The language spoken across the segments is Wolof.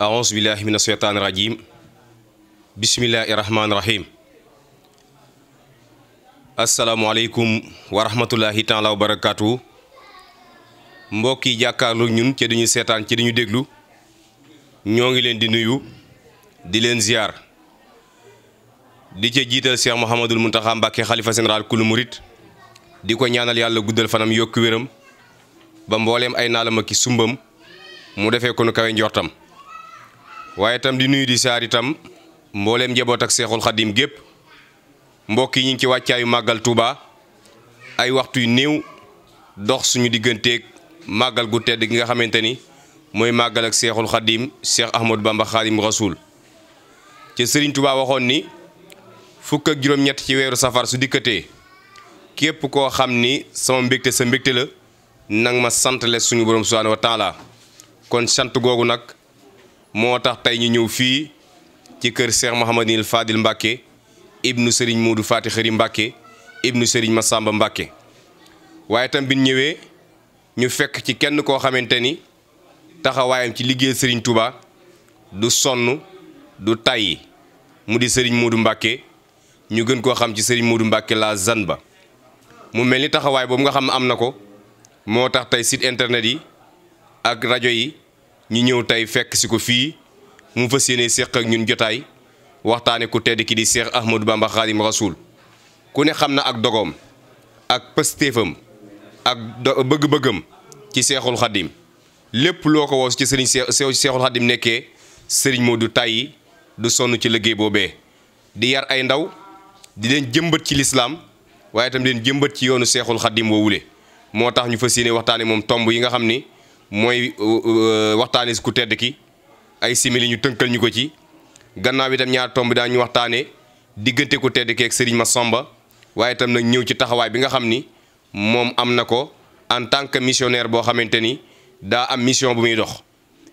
aouzu billahi min asheytaani rajim bismillahi rahmaani rahim asalaamualeykum wa rahmatullahi taala barakaatu mbokk yi jàkkaarlu ñun ci duñu seetaan ci duñu déglu ñoo ngi leen di nuyu di leen ziar di ca jiital Cheikh Mouhamadul Mountakha Mbacké xalifa général kulu murit di ko ñaanal yàlla guddal fanam yokk wéram ba mbooleem ay naalam ak i sumbam mu defee ko kawe njortam waaye itam di nuyu di saar itam mbooleem njaboot ak seexul xadim gépp mbokk yi ñu ngi ci wàccaayu màggal Touba ay waxtu yu néew dox suñu digganteeg màggal gu tedd ki nga xamante ni mooy màggal ak seexul xadim seex Ahmadou Bamba xadim rasul ci Serigne Touba waxoon ni fukk ak juróom-ñett ci weeru safar su dikkatee képp koo xam ni sama mbégte sa mbégte la nang ma santale suñu borom subhaanahu wa taala kon sant googu nag moo tax tey ñu ñëw fii ci kër Cheikh Mouhamadinil Fadil Mbacke ibnu Serigne Modou Fati Xëri Mbacke ibnu Serigne Massamba Mbacke waaye tam bi ñëwee ñu fekk ci kenn koo xamante ni taxawaayam ci liggéey Serigne Touba du sonn du tàyyi mu di Serigne Modou Mbacke ñu gën koo xam ci Serigne Modou Mbacke la ba mu mel ni taxawaay boobu nga xam am na ko moo tax tey site internet yi ak rajo yi. ñu ñëw tey fekk si ko fii mu fas yéene séq ak ñun jotaay waxtaane ku tedd ki di Cheikh Ahmadou Bamba Khadim Rasoul ku ne xam na ak dogoom ak pëstéefam ak bëgg-bëggam ci Seexul Xadim lépp loo ko woos ci sëriñ Seexul Xadim nekkee sëriñ moo du tàyyi du sonn ci liggéey boobee di yar ay ndaw di leen jëmbat ci lislaam waaye itam leen jëmbat ci yoonu Seexul Xadim woowule moo tax ñu fas yéene waxtaane moom tomb yi nga xam ni mooy euh, euh, waxtaane si ku tedd ki ay simili ñu tënkal ñu ko ci gannaaw itam ñaar tomb daañu waxtaane diggante ku tedd ki ak ma somba waaye itam nag ñëw ci taxawaay bi nga xam ni moom am na ko en tant que missionnaire boo xamante ni daa am mission bu muy dox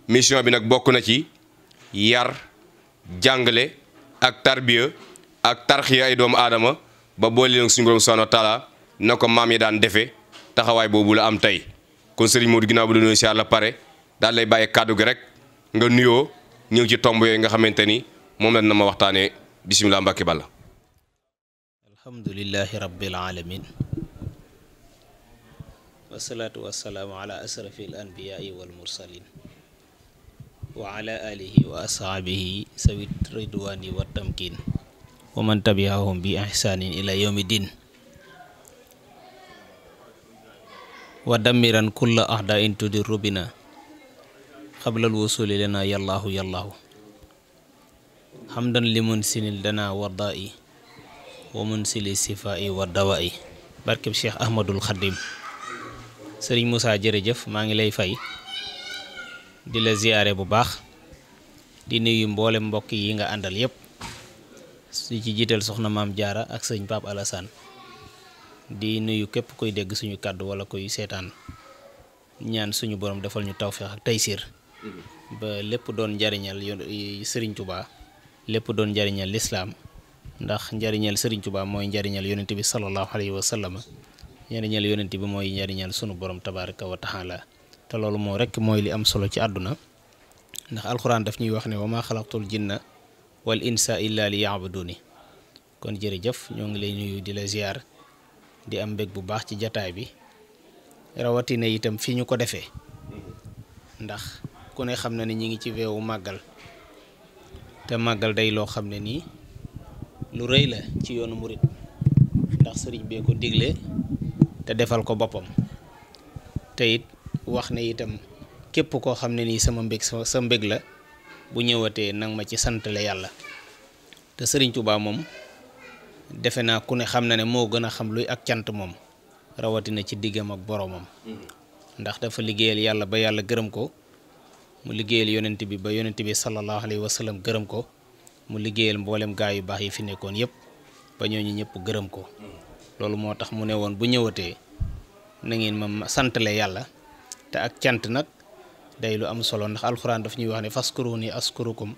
mission bi nag bokk na ci yar jàngale ak tarbiya ak tarxiya ay doomu aadama ba boole leen suñu borom subhanahu wa taala na ko maam yi daan defee taxawaay boobu la am tey kon sëriñ Modou ginnaaw bu la nuyoo si yàlla pare daal lay bàyyi kàddu gi rek nga nuyoo ñëw ci tomb yooyu nga xamante ni moom lañ na ma waxtaanee bisimilah Mbacke Balla. alhamdulilahi rabbil alamin wasalaatu wasalaamu ala asrafi al anbiyaai wal mursalin wa ala alihi wa ashaabihi sawit ridwaani wa tamkin wa man tabiahum bi ihsaanin ila yawmi din wa dammiran kulla ahda in tudirru bina qabla alwusuli lana yallaahu yallaahu hamdan limun sinil dana wardaa'i wa mun sili sifaa'i wa dawaa'i barkeb cheikh ahmadul xadim sëriñ Moussa jërëjëf maa ngi lay fay di la ziyaare bu baax di nuyu mboole mbokk yi nga àndal yépp su ci jiital soxna maam jaara ak sëñ Pape Alassane di nuyu képp koy dégg suñu kàddu wala koy seetaan ñaan suñu borom defal ñu tawféex ak taysiir mm-hmm. ba lépp doon njariñal sëriñ tubaa lépp doon njariñal lislaam ndax njariñal sëriñ Tuubaa mooy njariñal yonent bi sallallahu alayhi wa sallam njariñal yonent mooy njariñal suñu borom tabaraka wa taala te loolu moo rekk mooy li am solo ci àdduna ndax alxuraan daf ñuy wax ne wa maa xalaqtul jinna wal insa illa li yaabuduni kon jërëjëf ñoo ngi lay nuyu di la ziar di am mbég bu baax ci jataay bi rawatina itam fi ñu ko defee ndax ku ne xam na ni ñi ngi ci weewu màggal te màggal day loo xam ne nii lu rëy la ci yoonu murit ndax sëriñ bee ko digle te defal ko boppam te it wax ne itam képp koo xam ne nii sama mbég sa mbég la bu ñëwatee nag ma ci santale yàlla te sëriñ Tuubaa moom defe naa ku ne xam na ne moo gën a xam luy ak cant moom rawatina ci diggam ak boroomam mm-hmm. ndax dafa liggéeyal yàlla ba yàlla gërëm ko mu liggéeyal yonent bi ba yonent bi sallallahu alayhi wa sallam gërëm ko mu liggéeyal mboolem gaa yu baax yi fi nekkoon yépp ba ñooñu ñëpp gërëm ko mm-hmm. loolu moo tax mu ne woon bu ñëwatee na ngeen ma santale yàlla te ak cant nag day lu am solo ndax alxuraan daf ñuy wax ne faskuruni askurukum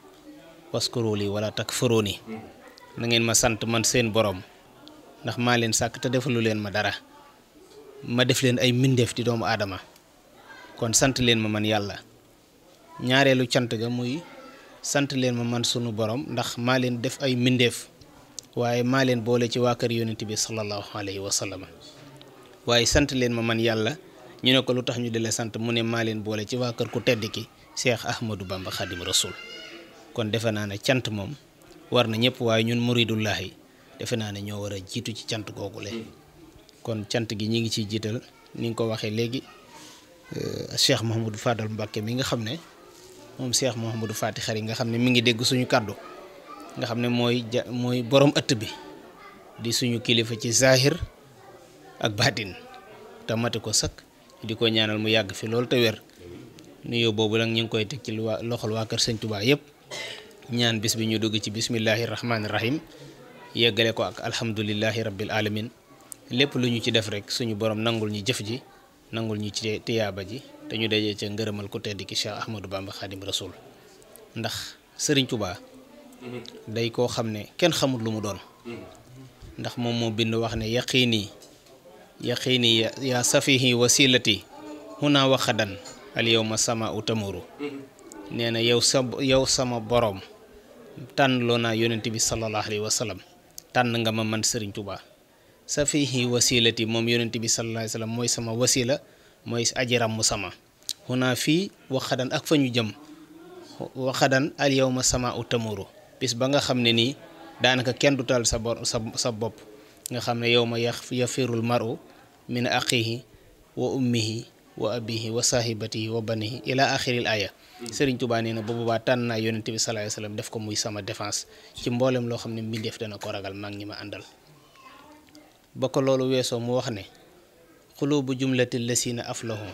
waskuru li wala takfuruni mm-hmm. na ngeen ma sant man seen borom ndax maa leen sàkk te defalu leen ma dara ma def leen ay mbindeef di doomu aadama kon sant leen ma man yàlla ñaareelu cant ga muy sant leen ma man sunu borom ndax maa leen def ay mbindeef waaye maa leen boole ci waa kër yonent bi sallallahu alayhi wa sallam waaye sant leen ma man yàlla ñu ne ko lu tax ñu di la sant mu ne maa leen boole ci waa kër ku tedd ki Cheikh Ahmadou Bamba Khadim Rasoul kon defe naa ne cant moom. war na ñëpp waaye ñun muridullahi defe naa ne ñoo war a jiitu ci cant googu le kon cant gi ñi ngi ciy jiital ni nga ko waxee léegi euh, Cheikh Mouhamadou Fadal Mbacke mi nga xam ne moom Cheikh Mouhamadou Fati Xari nga xam ne mi ngi dégg suñu kàddu nga xam ne mooy ja mooy borom ëtt bi di suñu kilifa ci zahir ak baatin te mate ko sakk di ko ñaanal mu yàgg fi loolu te wér nuyoo boobu la ñu ngi koy teg ci loxol waa kër Sëñ Tuubaa yëpp ñaan bis bi ñu dugg ci bismillahi rahmaani rahim yeggale ko ak alhamdulillahi rabbil alamin lépp lu ñu ci def rek suñu borom nangul ñi jëf ji nangul ñu ci tiyaaba ji te ñu dajee ca ngërëmal ku tedd ki Cheikh Ahmadou Bamba Khadim Rasoul ndax sëriñ Touba day koo xam ne kenn xamut lu mu doon ndax moom moo bind wax ne yaqiini yaqiini yaa safihi wasilati huna waxadan al ma sama u tamuru mhm. nee na yow sama boroom tànn tànnloo naa yonent bi sallallahu alayhi wa sallam tànn nga ma man Serigne Touba sa fihi wasilati moom yonent bi sallallahu alayhi wa sallam mooy sama wasila mooy ajiram mu sama xunaa fii waxadan ak fa ñu jëm waxadan al ma sama u tamuru ba nga xam ne nii daanaka kenn du taal sa bo sa bopp nga xam ne yow ma yafirul maru min aqihi wa ummihi wa abihi wa saahibatihi wa banihi ila axiril aya sëriñ tubaa nee na ba boobaa tànn naa yonente bi sallallahu alayhi wasallam def ko muy sama défense ci mboolem loo xam ne mbindeef dana ko ragal mag ñi ma àndal ba ko loolu weesoo mu wax ne xulubu jumlati lasina aflahu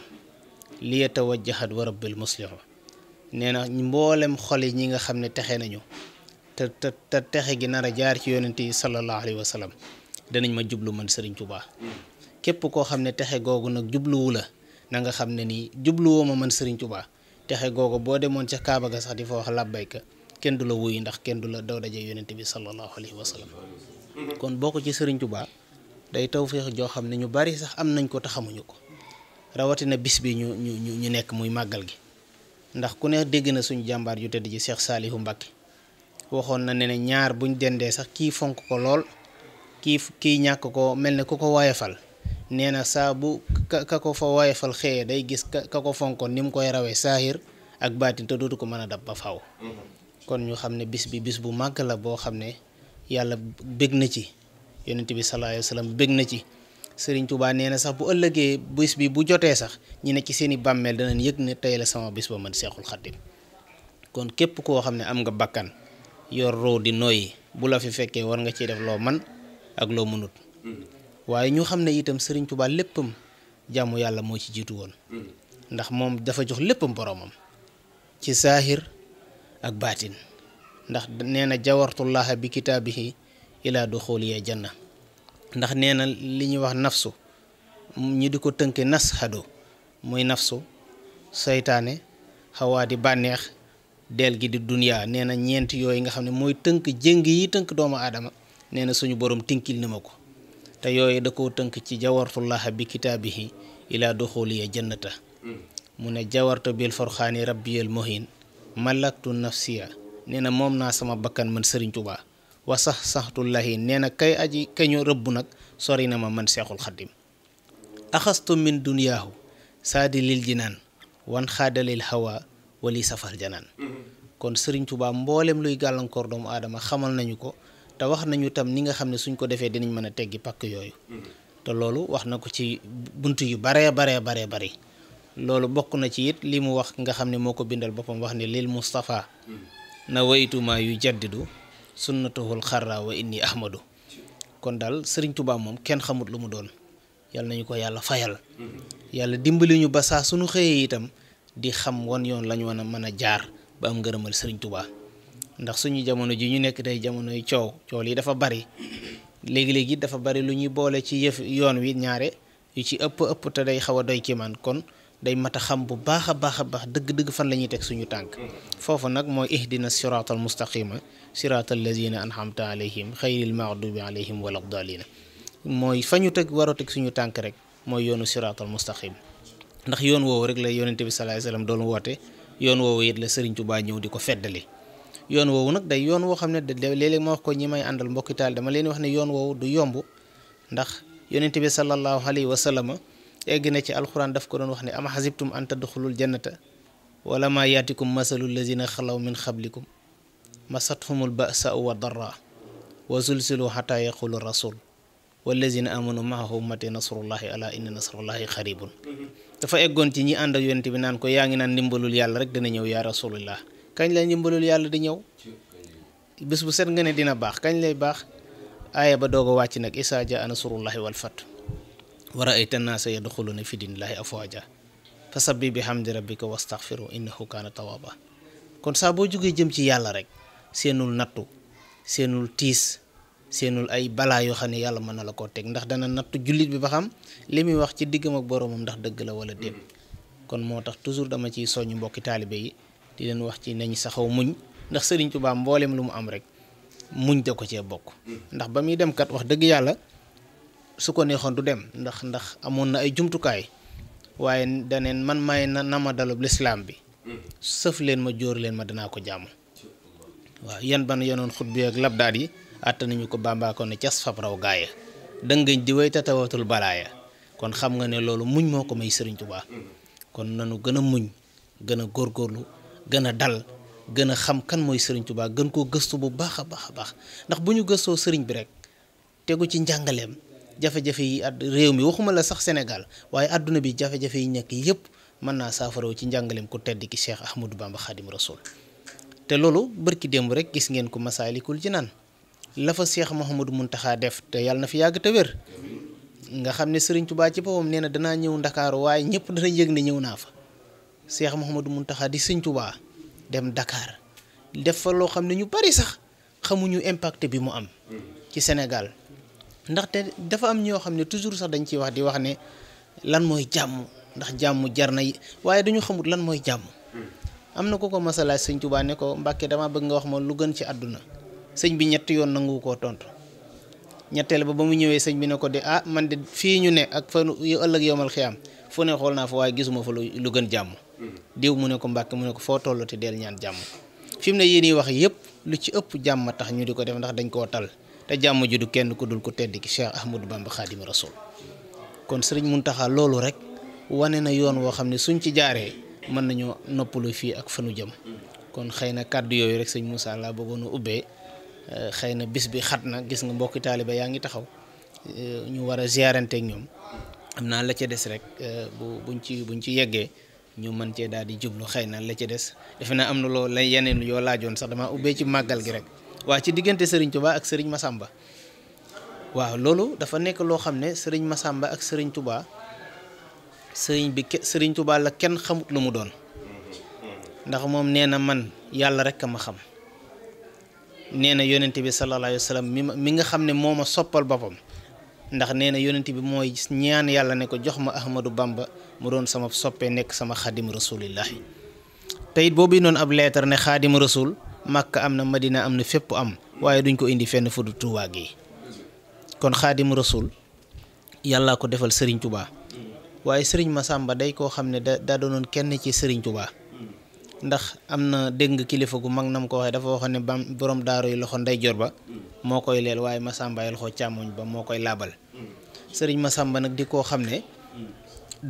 liyatawajjahat wa rabbil muslihu nee na mboolem xol ñi nga xam ne texe nañu te texe gi nar a jaar ci yonente yi sallallahu alayhi danañ ma jublu man sëriñ tubaa mm. képp koo xam ne texe googu nag jubluwu la na nga xam ne nii jubluwoo ma man Serigne Touba texe googu boo demoon ca Kaaba ga sax di fa wax làbbayka kenn du la wuyu ndax kenn du la daw daje yonent bi sallallahu alayhi wa sallam kon boo ko ci Serigne Touba day taw tawféex joo xam ne ñu bari sax am nañ ko te xamuñu ko rawatina bis bi ñu ñu ñu nekk muy màggal gi ndax ku ne dégg na suñu jàmbaar yu tëdd ji seex Salihu Mbacke waxoon na ne ne ñaar buñ dendee sax kii fonk ko lool kii kii ñàkk ko mel ne ku nee na saa bu ka ko fa woyefal xëyee day gis ka ko fonkoon ni mu koy rawee saahir ak baatin te dootu ko mën a dab ba faw mm-hmm. kon ñu xam ne bis bi bis bu màgg la boo xam ne yàlla bëgg na ci yonent bi sallallaahu alayhi bëgg na ci sëriñ Tuubaa nee na sax bu ëllëgee bis bi bu jotee sax ñi ne ci seeni bàmmeel danañ yëg ne tey la sama bis ba man Seexul Xadiim kon képp koo xam ne am nga bakkan yor roo di nooyi bu la fi fekkee war nga ciy def loo man ak loo mënut mm-hmm. waaye ñu xam ne itam Serigne Touba léppam jàmm yàlla moo ci jiitu woon ndax moom dafa jox léppam boroomam ci saahir ak baatin ndax nee na jawartullaha bi kitaabihi ilaa duxuliya janna ndax nee na li ñuy wax nafsu ñu di ko tënke nasxado muy nafsu seytaane xawaa di bànneex del gi di duniyaa nee na ñeent yooyu nga xam ne mooy tënk jëng yi tënk doomu aadama nee na suñu boroom tinkil na ma ko te yooyu da koo tënk ci jawartullaha bi kitaabihi ilaa duxuliya jannata mu ne jawartu bil forxaani rabbiyal muhin malaktu nafsiya nee na moom naa sama bakkan man sëriñ tubaa wa sax saxtullahi nee na kay aji kañu rëbb nag sori na ma man seexul xaddim axastu min duniyaahu saadi lil jinaan wan xaadalil hawa wali safar janaan mm-hmm. kon sëriñ tubaa mboolem luy gàllankoor doomu aadama xamal nañu ko wax nañu tam ni nga xam ne suñ ko defee dinañ mën a teggi pàkk yooyu te loolu wax na ko ci bunt yu baree baree baree bari loolu bokk na ci it li mu wax nga xam ne moo ko bindal boppam wax ne lil Moustapha na waytuma yu jaddidu sunnatuhul xarra indi inni ahmadu kon daal sëriñ tubaa moom kenn xamut lu mu doon yàlla nañu ko yàlla fayal yàlla dimbali ñu ba saa suñu xëyee itam di xam wan yoon lañu wan a mën a jaar ba am ngërëmal Serigne Touba ndax suñu jamono ji ñu nekk day jamonoy coow coow yi dafa bari léegi-léegi dafa bari lu ñuy boole ci yëf yoon wi ñaare yu ci ëpp ëpp te day xaw a doy ci kon day mat a xam bu baax a baax a baax dëgg-dëgg fan la ñuy teg suñu tànk foofu nag mooy ihdina siraatal mustaqima siraatal lazina anhamta alayhim xayril maghdubi alayhim wala dalina mooy fa ñu teg war suñu tànk rek mooy yoonu siraatal mustaqim ndax yoon woowu rek la yonente bi sallallahu alayhi wasallam doon woote yoon woowu it la Sëriñ Tuubaa ñëw di ko feddali yoon woowu nag day yoon woo xam ne da léeg-léeg ma wax ko ñi may àndal mbokki taal dama leen wax ne yoon woowu du yomb ndax yonente bi sallallahu alayhi wa na ci alxuraan daf ko doon wax ne ama xasibtum an tadxulul jannata wala ma yaatikum masalul lazina xalaw min xablikum masathumul basa wa darra wa zulzilu xata yaqulu rasul wallazina amanu maahu mate nasrullahi ala inna nasrullahi xaribun mm-hmm. dafa eggoon ci ñi ànd ak yonente bi naan ko yaa ngi naan ndimbalul yàlla rek dana ñëw yaa rasulillah kañ la ndimbalul yàlla di ñëw bés bu set nga ne dina baax kañ lay baax aaya ba doog a wàcc nag isaa jaa nasrullahi wal fath wa raayta nnaasa yadxuluuna fi diinillaahi afwaaja fa sabbi bi hamdi rabbika wastaxfiru innahu kaana tawaaba kon saa boo jógee jëm ci yàlla rek seenul nattu seenul tiis seenul ay balaa yoo xam ne yàlla mën na la koo teg ndax dana nattu jullit bi ba xam li muy wax ci diggam ak boroomam ndax dëgg la wala déet mm. kon moo tax toujours dama ciy soññ mbokki taalibe yi di leen wax ci nañ saxaw muñ ndax Sëriñ Tuubaa mboolem lu mu am rek muñ da ko cee bokk ndax ba muy dem kat wax dëgg yàlla su ko neexoon du dem ndax ndax amoon na ay jumtukaay waaye daneen man may na nama dalub lislaam bi sëf leen ma jóor leen ma danaa ko jàmm waa yan ban yonoon xut bi ak labdaat yi àtta nañu ko bàmbaako ne cas fab raw gaaya dëngañ di way tatawatul ya kon xam nga ne loolu muñ moo ko may Sëriñ Tuubaa kon nanu gën muñ gën a gën a dal gën a xam kan mooy sëriñ Tuubaa gën koo gëstu bu baax a baax a baax ndax bu ñu gëstoo sëriñ bi rek tegu ci njàngaleem jafe-jafe yi at réew mi waxuma la sax Sénégal waaye àdduna bi jafe-jafe yi nekk yépp mën naa saafaraw ci njàngaleem ku tedd ki Cheikh Ahmadou Bamba Xaadim Rasul te loolu bërki démb rek gis ngeen ko Masaalikul Jinaan la fa Cheikh Mouhamadou taxaa def te yàlla na fi yàgg te wér nga xam ne sëriñ Tuubaa ci boppam nee dana yëg ne ñëw Cheikh Mouhamadou Mountakha di Sëñ Touba dem dakaar def fa loo xam ne ñu bari sax xamuñu impact bi mu am ci senegal ndaxte dafa am ñoo xam ne toujours sax dañ ciy wax di wax ne lan mooy jàmm ndax jàmm jar na waaye dañu xamut lan mooy jàmm. am na ko ko masalaaj Sëñ Touba ne ko Mbàkke dama bëgg nga wax ma lu gën ci àdduna sëñ bi ñett yoon nangu ko tontu. ñetteel ba ba mu ñëwee sëñ bi ne ko de ah man de fii ñu ne ak fa ëllëg yomal xiyaam fu ne xool naa fa gën jàmm. diw mu ne ko mbàkke mu ne ko foo tollu te del ñaan jàmm fi ne yéen wax yëpp lu ci ëpp jàmm tax ñu di ko def ndax dañ koo tal te jàmm ju du kenn ku dul ko tedd ki Cheikh Ahmadou Bamba Xaadimu Rasul kon mun Muntaxa loolu rek wane na yoon woo xam ne suñ ci jaaree mën nañoo noppalu fii ak fanu jëm kon xëy na kàddu yooyu rek sëñ Moussa laa bëggoon a ubbee eh, xëy na bis bi xat na gis nga mbokki taaliba yaa ngi taxaw eh, ñu war a ziyaarante ak ñoom am naa la ca ñu mën cee daal di jublu xëy na la ci des defe naa am na loo la yeneen yoo laajoon sax dama ubbee ci màggal gi rek waa ci diggante sëriñ Touba ak sëriñ Massamba waaw loolu dafa nekk loo xam ne sëriñ Massamba ak sëriñ Touba sëriñ bi sëriñ tubaa la kenn xamut lu mu doon ndax moom nee na man yàlla rek a ma xam nee na yonent bi sallallahu alayhi wa sallam mi nga xam ne moo ma soppal boppam. ndax nee na yonent bi mooy ñaan yàlla ne ko jox ma Ahmadou Bamba mu doon sama soppe nekk sama xadim rasulillahi teyit boobu noonu ab leetar ne xaadim rasul màkk am na madina am na fépp am waaye duñ ko indi fenn fu du Tuubaa gi kon xaadim rasul yàllaa ko defal sëriñ Touba waaye ma sàmba day koo xam ne da daa kenn ci Serigne Touba. ndax am na dégg nga kilifa gu mag nam ko waxee dafa waxoon ne bam borom daaru yi loxo ndeyjoor ba moo koy leel waaye Masamba yi loxo càmmoñ ba moo koy laabal sëriñ Masamba nag di koo xam ne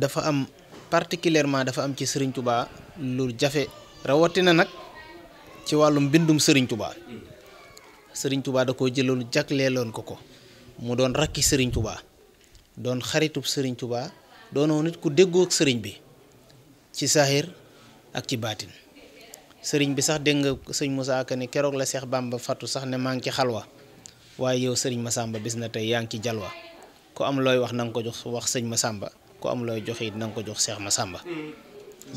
dafa am particulièrement dafa am ci sëriñ tubaa lu jafe rawatina nag ci wàllu mbindum sëriñ Touba sëriñ tubaa da koo jëloon jagleeloon ko ko mu doon rakki sëriñ Touba doon xaritub sëriñ Touba doonoo nit ku déggoo sëriñ bi ci saaxir ak ci baatin sëriñ bi sax dégg nga sëñ Moussa Ka ne keroog la Seex Bàmba fatu sax ne maa ngi ci xalwa waaye yow sëriñ Masamba bis na tey yaa ngi ci wa ko am looy wax na nga ko jox wax sëñ sàmba ko am looy joxe it na nga ko jox Seex Masamba mm.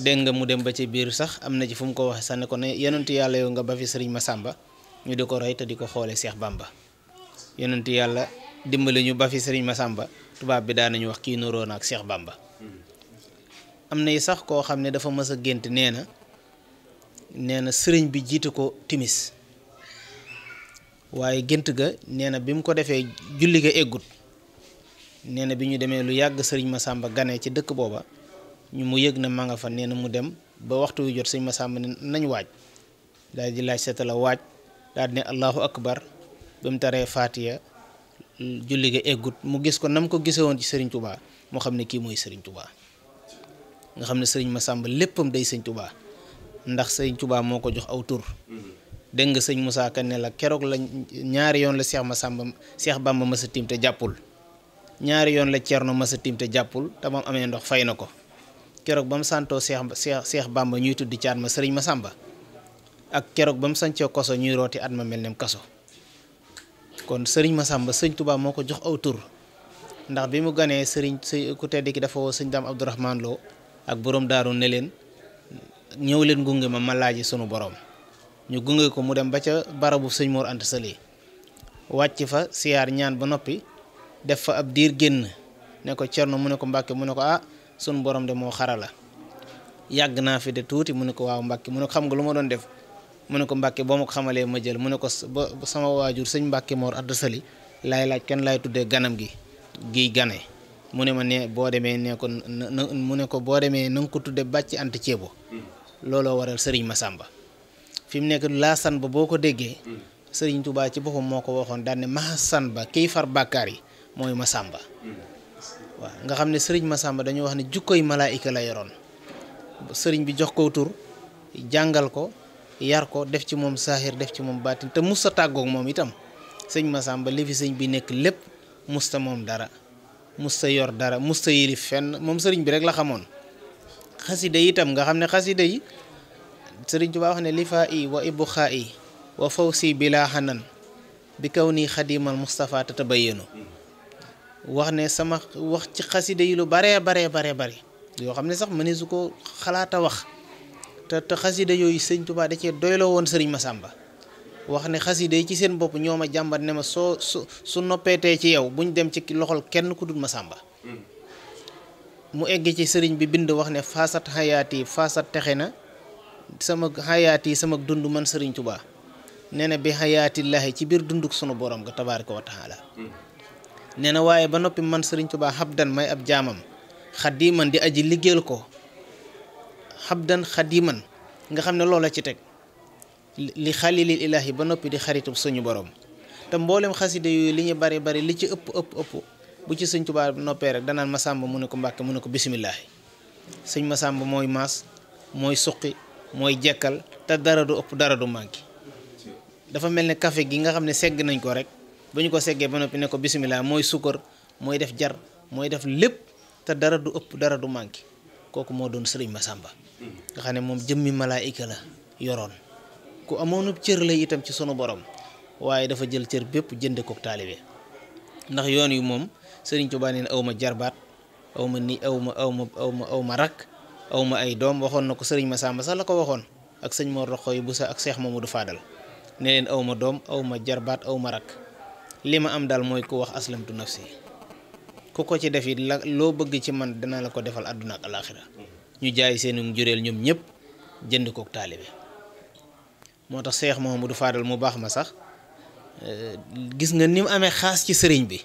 dégg nga mu dem ba ci biir sax am na ci fu mu ko waxee sax ne ko ne yonent yàlla yow nga ba fi sëriñ sàmba ñu di ko rey te di ko xoole Seex Bàmba yonent yàlla dimbali ñu ba fi sëriñ Masamba tubaab bi daan nañu wax kii niróo na ak Seex Bàmba mm. nee na sëriñ bi jiitu ko timis waaye gént ga nee na bi mu ko defee julli ga eggut nee na bi ñu demee lu yàgg sëriñ ma sàmba gane ci dëkk booba ñu mu yëg na ma nga fa nee na mu dem ba waxtu wi jot sëriñ ma ne nañ waaj daal di laaj seeta la waaj daal ne allahu akbar ba mu taree faatiya julli ga eggut mu gis ko nam ko gisewoon ci sëriñ Touba moo xam ne kii mooy sëriñ Touba nga xam ne sëriñ ma Masamba léppam day sëriñ Touba ndax sëñ tubaab moo ko jox aw tur mm-hmm. dégg nga sëñ Moussa Ka ne la keroog lañ ñaari yoon la Cheikh Massamba Cheikh Bamba masa tim te jàppul ñaari yoon la Cerno masa tim te jàppul te amee ndox fay na ko keroog ba mu santoo seex Cheikh Bamba ñuy tuddi caat ma sëriñ ma sàmba ak keroog ba mu sancoo koso ñuy rooti at ma mel nem kaso kon sëriñ ma sàmba sëñ Tuubaa moo ko jox aw tur ndax bi mu ganee sëriñ ku tedd ki dafa sëñ Daam Abdourahman Lo ak borom daaru ne ñëw leen gunge ma ma laaji sunu borom ñu gunge ko mu dem ba ca barabu sëñ moor Anta wàcc fa siyaar ñaan ba noppi def fa ab diir génn ne ko cerno mu ne ko mbàkke mu ne ko ah borom de moo xara yàgg naa fi de tuuti mu ne ko waaw mbàkke mu ne xam nga lu ma doon def mu ne ko mbàkke boo ma ko xamalee ma jël mu ne ko ba sama waajur sëñ mbàkke Mor Anta laay laaj kenn laay tuddee ganam gi giy gane mu ne ma ne boo demee ne ko na mu ne ko boo demee na ko tudde bàcc ant ceebo looloo waral sëriñ Masamba fi mu nekk laasan ba boo ko déggee sëriñ Touba ci boppam moo ko waxoon daan ne mahasan ba kiy far bàkkaar yi mooy sàmba waaw nga xam ne sëriñ ma sàmba dañoo wax ne jukkoy malaayika la yoroon sëriñ bi jox ko tur jàngal ko yar ko def ci moom saaxir def ci moom baatin te musta tàggoog moom itam sëñ ma sàmba fi sëñ bi nekk lépp musta moom dara musta yor dara musta yilif fenn moom sëriñ bi rek la xamoon xasida yi itam nga xam ne xasida yi Sëriñ Tuubaa wax ne lifaa i wa ibuxaa i wa fawsi bila xanan bi kaw nii xadimal Mustafa tatabayanu wax ne sama wax ci xasida yi lu baree baree baree bari yoo xam ne sax mëne su ko xalaata wax te te xasida yooyu sëñ Tuubaa da cee doyloo woon sëriñ sàmba wax ne xasida yi ci seen bopp ñoo ma jàmbat ne ma soo su su noppeetee ci yow buñ dem ci loxol kenn ku ma sàmba mm. mu egg ci sëriñ bi bind wax ne faasat xayaat yi faasat texe na sama xayaat yi sama dund man sëriñ tubaa nee na bi xayaatillaahi ci biir dunduk sunu borom nga tabaaraka wa taala nee na waaye ba noppi man sëriñ Tuubaa xabdan may ab jaamam xadiman di aji liggéeyal ko xabdan xadiman nga xam ne loola ci teg li xalilil ilaahi ba noppi di xaritu suñu boroom te mboolem xaside yooyu li ñu bari bari li ci ëpp ëpp ëpp bu ci sëñ tubaar Tuubaa noppee rek danaan ma Masamba mu ne ko Mbàkke mu ne ko bisimilahi sëñ ma Masamba mooy maas mooy suqi mooy jekkal te dara du ëpp dara du manqué dafa mel ne café gi nga xam ne segg nañ ko rek bu ko seggee ba noppi ne ko bisimilah mooy sukkar mooy def jar mooy def lépp te dara du ëpp dara du manqué kooku moo doon sëriñ Masamba nga xam ne moom jëmmi malaayika la yoroon ku amoon cër la itam ci sunu borom waaye dafa jël cër bépp jënde kook taalibe ndax yoon yu moom Sëriñ Tuubaa nee aw ma jarbaat aw ma ni aw ma aw ma aw ma aw ma rakk aw ma ay doom waxoon na ko sëriñ Masamba sax la ko waxoon ak sëñ Mor Roxoy bu sa ak Seex Mamadu Faadal ne leen aw ma doom aw ma jarbaat aw ma rakk li ma am daal mooy ku wax aslamtu nafsi ku ko ci def it la loo bëgg ci man dinaa la ko defal àdduna ak alaaxira ñu jaay seen njureel ñoom ñëpp jënd kook taalibe moo tax Seex Mamadu Faadal mu baax ma sax euh, gis nga ni mu amee xaas ci sëriñ bi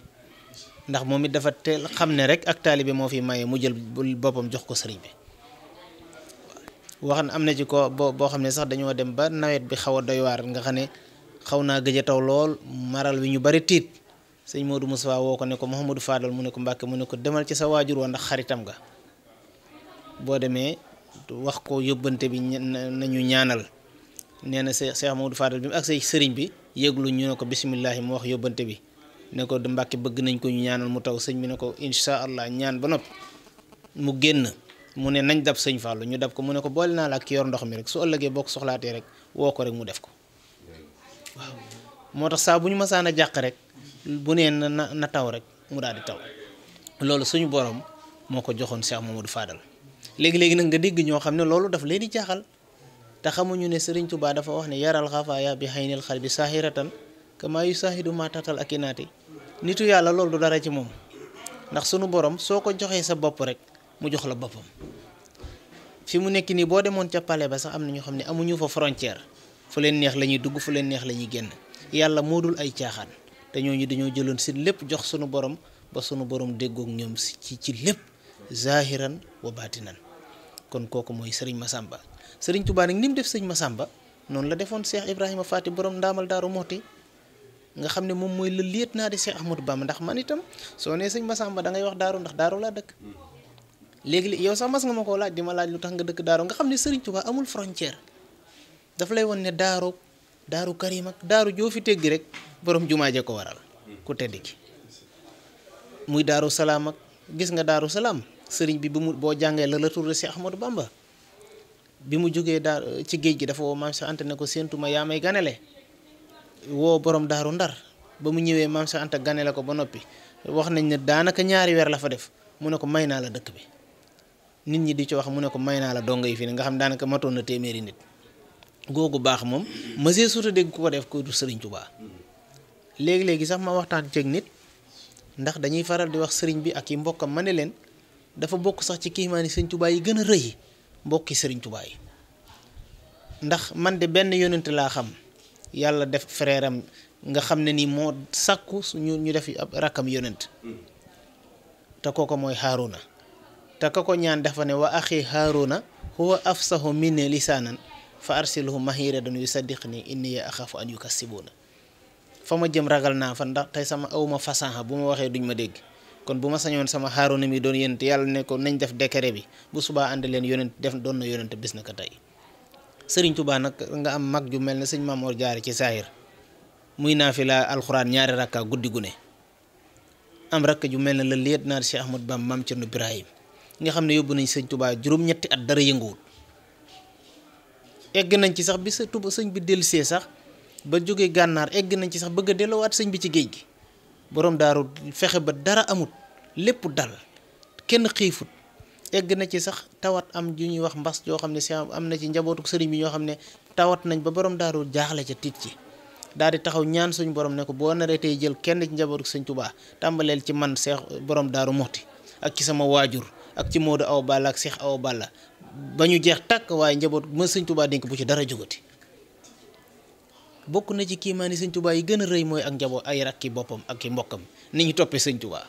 ndax moom it dafa teel xam ne rek ak taalibe moo fi maye mu jël boppam jox ko sëriñ bi wax na am na ci ko boo xam ne sax dañoo dem ba nawet bi xaw a doy waar nga xam ne xaw naa gëj a taw lool maral wi ñu bari tiit sëñ Modou Moussa woo ko ne ko Mouhamadou Fadal mu ne ko Mbàkke mu ne ko demal ci sa waajur wa ndax xaritam nga boo demee wax ko yóbbante bi nañu ñaanal nee na Cheikh Mouhamadou Fadal bi ak say sëriñ bi yëglu ñu ne ko bisimillahi mu wax yóbbante bi ne ko Mbàkke bëgg nañ ko ñu ñaanal mu taw sëñ bi ne ko incha allah ñaan ba nopp mu génn mu ne nañ dab sëñ Fallou ñu dab ko mu ne ko boole naa la ak ki ndox mi rek su ëllëgee boo ko soxlaatee rek woo ko rek mu def ko moo tax saa bu ñu masaan a jàq rek bu nee na na taw rek mu daal di taw loolu suñu borom moo ko joxoon Cheikh Mamadou Fadal léegi-léegi nag nga dégg ñoo xam ne loolu daf leen di jaaxal te xamuñu ne Serigne Touba dafa wax ne yaral xafaaya bi xaynil xal bi saahiratan kama yu saahidu ma tatal ak inaati nitu yàlla loolu du dara ci moom ndax sunu boroom soo ko joxee sa bopp rek mu jox la boppam fi mu nekk nii boo demoon ca palais ba sax am na ñoo xam ne amuñu fa frontière fu leen neex la ñuy dugg fu leen neex la ñuy génn yàlla moo dul ay caaxaan te ñoo ñooñu dañoo jëloon si lépp jox sunu borom ba sunu boroom déggook ñoom si ci ci lépp zahiran wa batinan kon kooku mooy sëriñ ma Masamba sëriñ Tuubaa nag ni mu def sëriñ Masamba noonu la defoon Cheikh Ibrahima ndaamal daaru mooti nga xam ne moom mooy le naa de Cheikh Ahmadou Bamba ndax man itam soo nee sëñ Massamba da ngay wax daaru ndax daaru laa dëkk léegi yow sax mas nga ma ko laaj di ma laaj lu tax nga dëkk daaru nga xam ne Sëriñ Tuubaa amul frontière daf lay won ne daaru daaru Karim ak daaru joo fi teggi rek borom jumaa ja ko waral ku tedd ki muy daaru salaam ak gis nga daaru salaam sëriñ bi bu mu boo jàngee la retour de Cheikh Ahmadou Bamba bi mu jógee daar ci géej gi dafa woo maam si ante ne ko séentu ma yaa may ganale woo borom daaru ndar ba mu ñëwee maam Cheikh Anta gane la ko ba noppi wax nañ ne daanaka ñaari weer la fa def mu ne ko may naa la dëkk bi nit ñi di ci wax mu ne ko may naa la dongo yi fii ne nga xam daanaka matoon na téeméeri nit googu baax moom monsieur suuta dégg def ko du Serigne léegi-léegi sax ma waxtaan ceeg nit ndax dañuy faral di wax sëriñ bi ak yi mbokkam ma ne leen dafa bokk sax ci kiimaani Serigne Touba yi gën a rëy mbokki Serigne Touba yi ndax man de benn yonent laa xam yàlla def fereeram nga xam ne ni moo sàkku suñu ñu def ab rakkam yonent te ko mooy Haaruna te ka ko ñaan dafa ne wa axi Haaruna huwa afsahu minni lisaanan fa arsilhu nii indi yusaddiqni inni axaafu an yukassibuuna fa ma jëm ragal naa fa ndax tey sama awma fasaha bu ma waxee duñ ma dégg kon bu ma sañoon sama Haaruna mi doon yonent yàlla ne ko nañ def décret bi bu subaa ànd leen yonent def doon na yonent bis na ko tey sëriñ Touba nag nga am mag ju mel ne sëñ Mamoor Jaara ci saayir muy naa naafila alxuraan ñaari rakka guddi gu ne am rakk ju mel na la leet naar Cheikh Ahmad Bam Maam Cerno Ibrahim nga xam ne yóbbu nañ sëñ Touba juróom-ñetti at dara yënguwul egg nañ ci sax bi sa Touba sëñ bi see sax ba jóge gànnaar egg nañ ci sax bëgg a delloowaat sëñ bi ci géej gi boroom daaru fexe ba dara amut lépp dal kenn xiifut egg na ci sax tawat am ju ñuy wax mbas joo xam ne si am na ci njabootu sëriñ bi ñoo xam ne tawat nañ ba boroom daaru jaaxle ca tiit ci daal di taxaw ñaan suñu borom ne ko boo naree tey jël kenn njabootu sëñ Tuubaa ci man seex borom daaru Muxti ak ci sama waajur ak ci Modou Awa Balla ak Seex Balla ba ñu jeex tàkk waaye ma sëñ Tuubaa dénk bu ci dara jógati bokk na ci kiimaani sëñ Tuubaa yi gën rëy mooy ak njaboot ay rakki boppam ak i mbokkam ni ñu toppee sëñ Tuubaa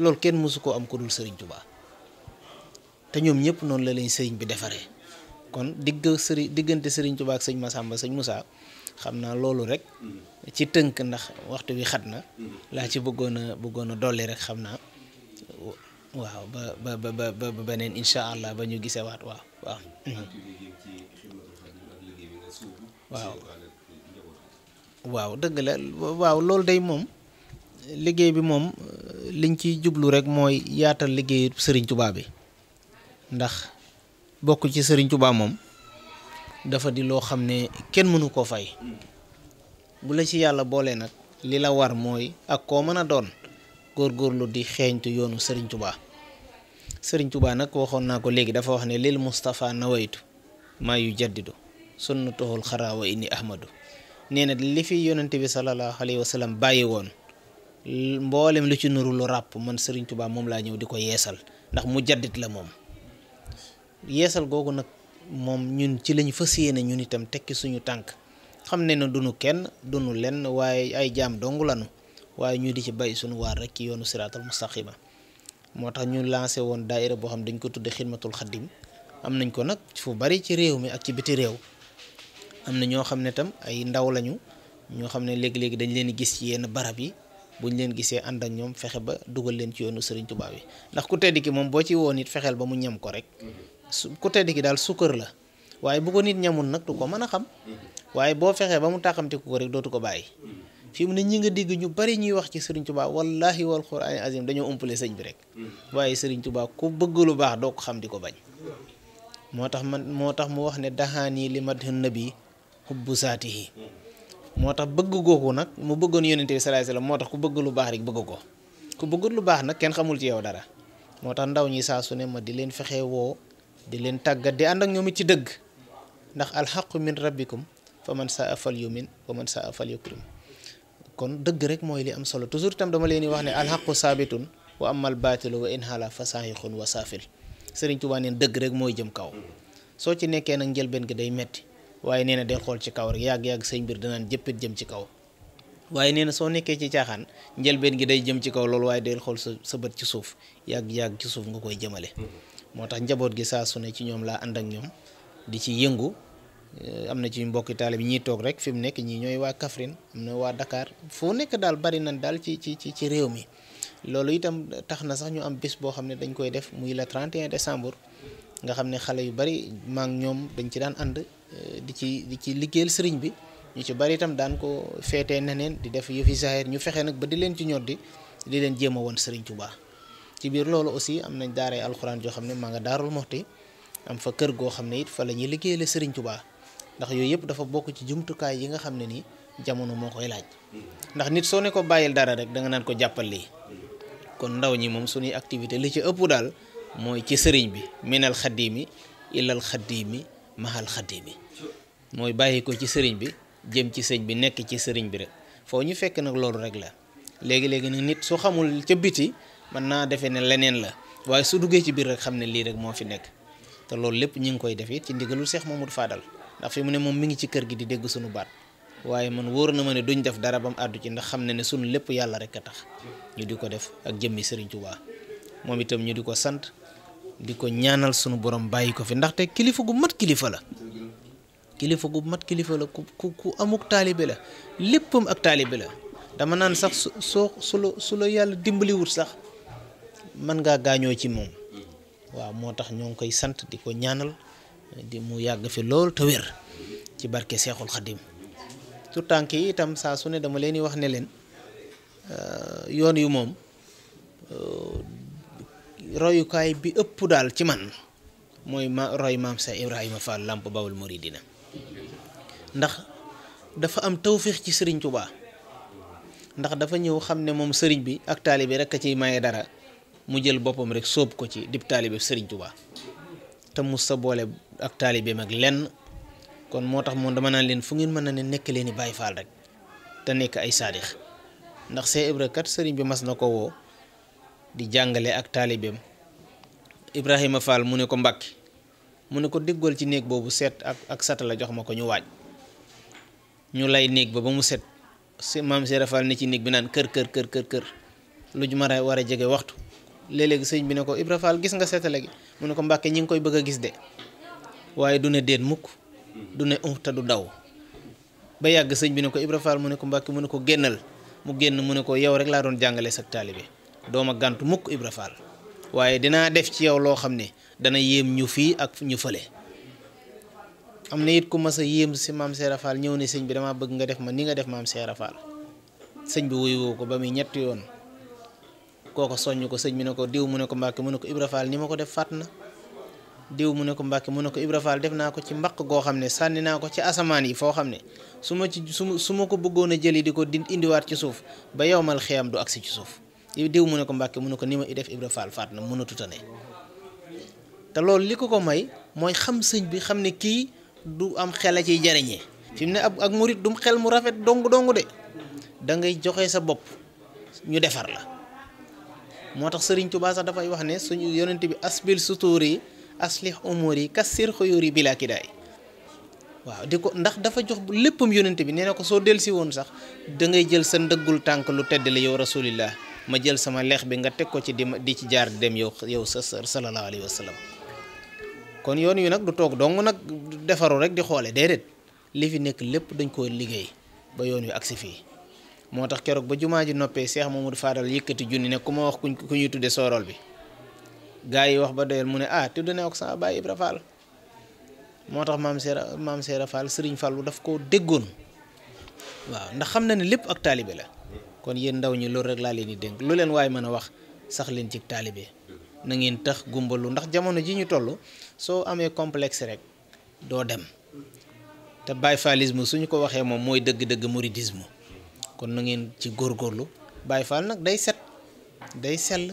loolu kenn mësu koo am ku dul sëriñ tubaa te ñoom ñëpp noonu la leen sëriñ bi defaree kon digg sëriñ diggante sëriñ Tuubaa ak sëñ Masamba sëñ Moussa xam naa loolu rek ci tënk ndax waxtu wi xat na laa ci bëggoon a bëggoon a dolli rek xam naa waaw ba ba ba ba beneen incha allah ba ñu gisee waat waaw waaw. dëgg la waaw loolu day moom liggéey bi moom liñ ciy jublu rek mooy yaatal liggéeyu sëriñ Tuubaa bi. ndax bokk ci Sëriñ tubaa moom dafa di loo xam ne kenn mënu koo fay bu la ci yàlla boole nag li la war mooy ak koo mën a doon góor góorlu di xeeñtu yoonu Sëriñ tubaa Sëriñ Tuubaa nag waxoon naa ko léegi dafa wax ne lil Mustafa nawaytu maa yu jaddidu sunnatuhul xaraa indi inni ahmadu nee na li fi yonente bi salallaahu alayhi wa bàyyi woon mboolem lu ci nuru lu ràpp man Sëriñ Tuubaa moom laa ñëw di ko yeesal ndax mu jaddit la moom yeesal googu nag moom ñun ci lañu fas yéene ñun itam tekki suñu tànk xam ne na duñu kenn dunu lenn waaye ay jaam dong lanu waaye ñu di ci bay suñu waar rek ci yoonu siraatal mustaqima moo tax ñu lancé woon daaira boo xam dañ ko tudde xidmatul xaddim am nañ ko nag fu bari ci réew mi ak ci biti réew am na ñoo xam ne tam ay ndaw lañu ñoo xam ne léegi-léegi dañ leen gis ci yenn barab yi buñ leen gisee ànd ak ñoom fexe ba dugal leen ci yoonu Serigne Touba bi ndax ku tedd ki moom boo ci woon it fexeel ba mu ñam ko rek su ku tedd ki daal sukkër la waaye bu ko nit ñamul nag du ko mën a xam waaye boo fexee ba mu tàqamtiku ko rek dootu ko bàyyi fi mu ne ñi nga digg ñu bari ñuy wax ci Serigne Touba wallahi wal Qur'an azim dañoo umpale sëñ bi rek waaye Serigne Touba ku bëgg lu baax doo ko xam di ko bañ moo tax man moo tax mu wax ne daxaani li madh bu hubbu saatihi moo tax bëgg googu nag mu bëggoon yonente bi sallallahu alayhi moo tax ku bëgg lu baax rek bëgg ko ku bëggut lu baax nag kenn xamul ci yow di leen tàggat di ànd ak ñoom ci dëgg ndax alxaqu min rabbikum fa man sa saa fal yumin wa man sa fal yukrim kon dëgg rek mooy li am solo toujours itam dama leen di wax ne alxaqu saabitun wa amal baatilu wa inhala fa saaxixun wa saafil sëriñ Tuubaa neen dëgg rek mooy jëm kaw soo ci nekkee nag njëlbeen gi day metti waaye nee na del xool ci kaw rek yàgg-yàgg say mbir danaan jëppit jëm ci kaw waaye nee na soo nekkee ci caaxaan njëlbeen gi day jëm ci kaw loolu waaye del xool sa sa bët ci suuf yàgg-yàgg ci suuf nga koy jëmale moo tax njaboot gi saa su ne ci ñoom laa ànd ak ñoom di ci yëngu eh, am na ci mbokki bi ñiy toog rek fi mu nekk ñii ñooy waa Kaffrine am na waa dakaar foo nekk daal bari nañ daal ci ci ci ci réew mi loolu itam tax na sax ñu am bis boo xam ne dañ koy def muy le 31 décembre nga xam ne xale yu bari maak ñoom dañ ci daan ànd eh, di ci di ci liggéeyal sëriñ bi ñu ci bari itam daan ko feetee neneen di def yëfi zahir ñu fexe nag ba di leen ci ñor di di leen jéema woon sëriñ Tuubaa ci biir loolu aussi am nañ daaray alxuraan joo xam ne maa nga daarul moxti am fa kër goo xam ne it fa la ñuy liggéeyale Serigne tubaa ndax yooyu yëpp dafa bokk ci jumtukaay yi nga xam ne nii jamono moo koy laaj ndax nit soo ne ko bàyyil dara rek danga naan ko jàppal lii kon ndaw ñi moom suñuy activité li ci ëpp daal mooy ci sëriñ bi minal xaddiimi ilal xaddiimi mahal xaddiimi mooy bàyyi ko ci sëriñ bi jëm ci sëñ bi nekk ci sëriñ bi rek foo ñu fekk nag loolu rek la léegi-léegi man naa defee ne leneen la waaye su duggee ci biir rek xam ne lii rek moo fi nekk te loolu lépp ñu ngi koy def it ci ndigalul Cheikh Mamadou Fadal ndax fi mu ne moom mi ngi ci kër gi di suñu baat waaye man wóor na ma ne duñ def dara bam àddu ci ndax ne ne suñu lépp yàlla rek tax ñu di ko def ak jëmmi Serigne Touba moom itam ñu di ko sant di ko ñaanal sunu borom bàyyi ko fi ndaxte kilifa gu mat kilifa la kilifa gu mat kilifa la ku ku ku amuk taalibe la léppam ak taalibe la dama naan sax su la su la yàlla dimbaliwut sax man ngaa gaañoo ci moom waaw moo tax ñoo ngi koy sant di ko ñaanal di mu yàgg fi lool te ci barke Seexul Xadim tout tànk yi itam saa su ne dama leen di wax ne leen euh, yoon yu moom euh, royukaay bi ëpp daal ci man mooy ma roy maam sa Ibrahima làmp Lamp mori dina ndax dafa am tawféex ci sëriñ Tuubaa ndax dafa ñëw xam ne moom sëriñ bi ak taalibe rekk a ciy maye dara mu jël boppam rek sóob ko ci dib taalibe sëriñ Tuubaa te mu sa boole ak taalibeem ak lenn kon moo tax moom dama naan leen fu ngeen mën na ne nekk leen i Baay Faal rek te nekk ay saadix ndax Seex Ibra kat sëriñ bi mas na ko woo di jàngale ak taalibeem Ibrahima Fall mu ne ko Mbàkke mu ne ko déggool ci néeg boobu seet ak ak sata jox ma ko ñu waaj ñu lay néeg ba ba mu set maam Seera Fall ne ci néeg bi naan kër kër kër kër kër ma ju war a jege waxtu léeg-léegi sëñ bi ne ko Ibra Fall gis nga seetale gi mu ne ko Mbàkke ñi ngi koy bëgg a gis de waaye du ne déet mukk du ne un um du daw ba yàgg sëñ bi ne ko Ibra Fall mu ne ko Mbàkke mu ne ko génnal mu génn mu ne ko yow rek laa doon jàngale sa taalibe dooma gàntu mukk Ibra Fall waaye dinaa def ci yow loo xam ne dana yéem ñu fii ak ñu fële am na it ku mas a yéem si maam Seera Fall ñëw ne sëñ bi dama bëgg nga def ma ni nga def maam Seera Fall sëñ bi wuyu ko ba muy ñetti yoon kooko soññ ko sëñ mu ne ko diw mu ne ko mbàkke mu ne ko Ibra Faal ni ma ko def fàtt diw mu ne ko mbàkke mu ne ko Ibra Faal def naa ko ci mbaq goo xam ne sànni naa ko ci asamaan yi foo xam ne su ma ci su su ma ko bëggoon a jëli di ko di indiwaat ci suuf ba yowmal xiyam du agsi ci suuf diw mu ne ko mbàkke mu ne ko ni ma def Ibra Faal fàtt na a ne te loolu li ko ko may mooy xam sëñ bi xam ne kii du am xel a ciy jariñee fi mu ne ak murit du xel mu rafet dong dong de da ngay joxe sa bopp ñu defar la moo tax sëriñ Tuubaa sax dafay wax ne suñu yonent bi asbil sutuur yi aslih umur yi kassir xuyur yi bilaa kidaay waaw di ko ndax dafa jox léppam yonent bi nee na ko soo delsi woon sax dangay jël sa ndëggul tànk lu tedd la yow rasulillah ma jël sama leex bi nga teg ko ci di di ci jaar dem yow yow sa sallallahu alayhi wa kon yoon yu nag du toog dong nag defaru rek di xoole déedéet li fi nekk lépp dañ koo liggéey ba yoon wi agsi fii moo tax keroog ba jumaa ji noppee Cheikh Mamadou Fadal yëkkati junni ne ku ma wax kuñ ku ñuy tudde soorool bi gaa yi wax ba doyal mu ne ah tudd ne ak sama baay Ibra Fall moo tax maam Seera maam Seera Fall Serigne Fallu daf koo déggoon waaw ndax xam na ne lépp ak taalibe la kon yéen ndaw ñi loolu rek laa leen di dénk lu leen waaye mën a wax sax leen ci taalibe na ngeen tax gumbalu ndax jamono ji ñu toll soo amee complexe rek doo dem te baay fallisme suñu ko waxee moom mooy dëgg-dëgg mouridisme kon na ngeen ci góorlu Baye Fall nag day set day sell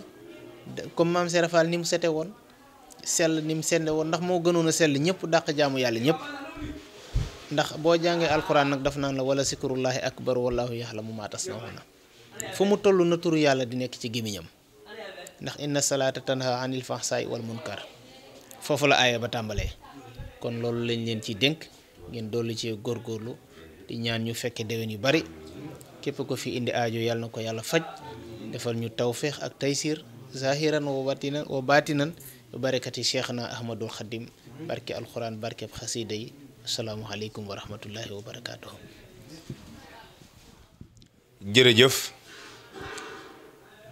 comme maam Serap Fall ni mu sete woon sell ni mu sende woon ndax moo gënoon a sell ñëpp dàq jaamu yàlla ñëpp ndax boo jàngee alxuraan nag daf naan la wala sikrullahi akbar wallahu mu maa tasnauna fu mu toll na turu yàlla di nekk ci gémmiñam ndax na salaata tanha anil fahsaay wal munkar foofu la aaya ba tàmbalee kon loolu lañ leen ci dénk ngeen dolli ci góor góorlu képp ko fi indi ajo yàlla na ko yàlla faj defal ñu tawféex ak taysiir zahiran wa batinan wa batinan bi barakati cheikhna ahmadul xadim barke alquran barkeb xasida yi asalaamualeykum wa rahmatullahi wa jërëjëf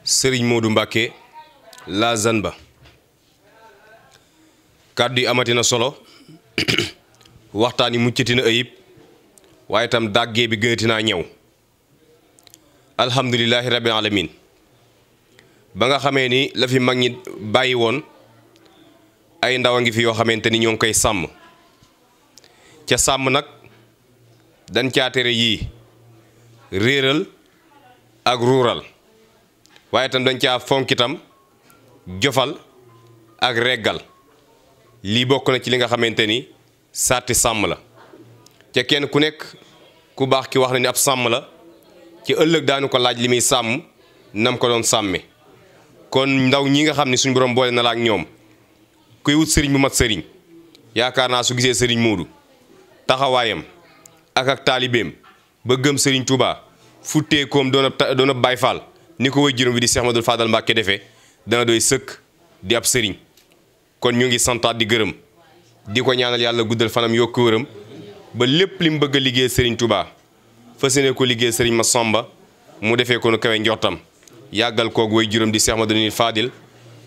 sëriñ Modou Mbacke la Zanba kàddu yi amati na solo waxtaan yi muccati na waaye tam dàggee bi gënati naa ñëw alhamdulilahi rabbi alamin ba nga xamee ni la fi mag ñi bàyyi woon ay ndaw a ngi fi yoo xamante ni ñoo ngi koy sàmm ca sàmm nag dañ caa tere yii réeral ak ruural waaye itam dañ caa fonkitam jofal ak reggal lii bokk na ci li nga xamante ni sàrti sàmm la ca kenn ku nekk ku baax ki wax na ni ab sàmm la ci ëllëg daanu ko laaj li muy sàmm nam ko doon sàmme kon ndaw ñi nga xam ne suñu borom boole na la ak ñoom kuy wut sëriñ bu mat sëriñ yaakaar naa su gisee sëriñ muudu taxawaayam ak ak taalibeem ba gëm sëriñ Touba futteekoom doon ab doon ab Baay Faal ni ko way juróom bi di Cheikh Madou Fadal Mbacke defee dana doy sëkk di ab sëriñ kon ñu ngi santaat di gërëm di ko ñaanal yàlla guddal fanam yokk wëram ba lépp li mu bëgg a liggéey sëriñ Touba. fas ko liggéey sëriñ Massamba mu defee ko nu kawe njortam yàggal koog way juram di Cheikh Madani faadil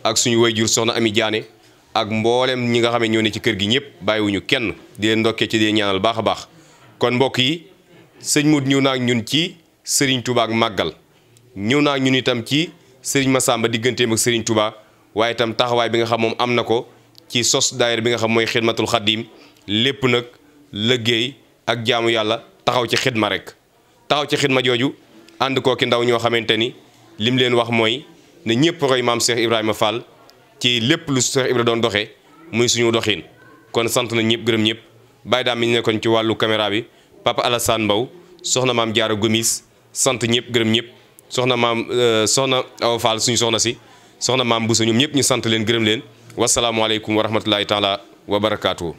ak suñu way jur soxna Ami Diané ak mboolem ñi nga xam ñoo ne ci kër gi ñëpp bàyyiwuñu kenn di leen ndokkee ci di ñaanal baax a baax kon mbokk yi sëñ Mout ñëw naa ñun ci sëriñ Touba ak màggal ñëw naa ñun itam ci sëriñ Massamba digganteem ak sëriñ Touba waaye itam taxawaay bi nga xam moom am na ko ci sos daayira bi nga xam mooy xidmatul xaddiim lépp nag liggéey ak jaamu yàlla taxaw ci xidma rek. taxaw ci xidma jooju ànd kooki ndaw ñoo xamante ni lim leen wax mooy ne ñëpp roy maam Cheikh Ibrahima Fall ci lépp lu Cheikh Ibrahima doon doxee muy suñu doxiin kon sant nañ ñëpp gërëm ñëpp bàyyi daam mi ñu nekkoon ci wàllu caméra bi Papa Alassane Mbow soxna maam Diarra Gomis sant ñëpp gërëm ñëpp soxna maam euh, soxna Awa Fall suñu soxna si soxna maam Bousso ñoom ñëpp ñu sant leen gërëm leen wasalaamualeykum wa rahmatullahi taala wa barakaatu.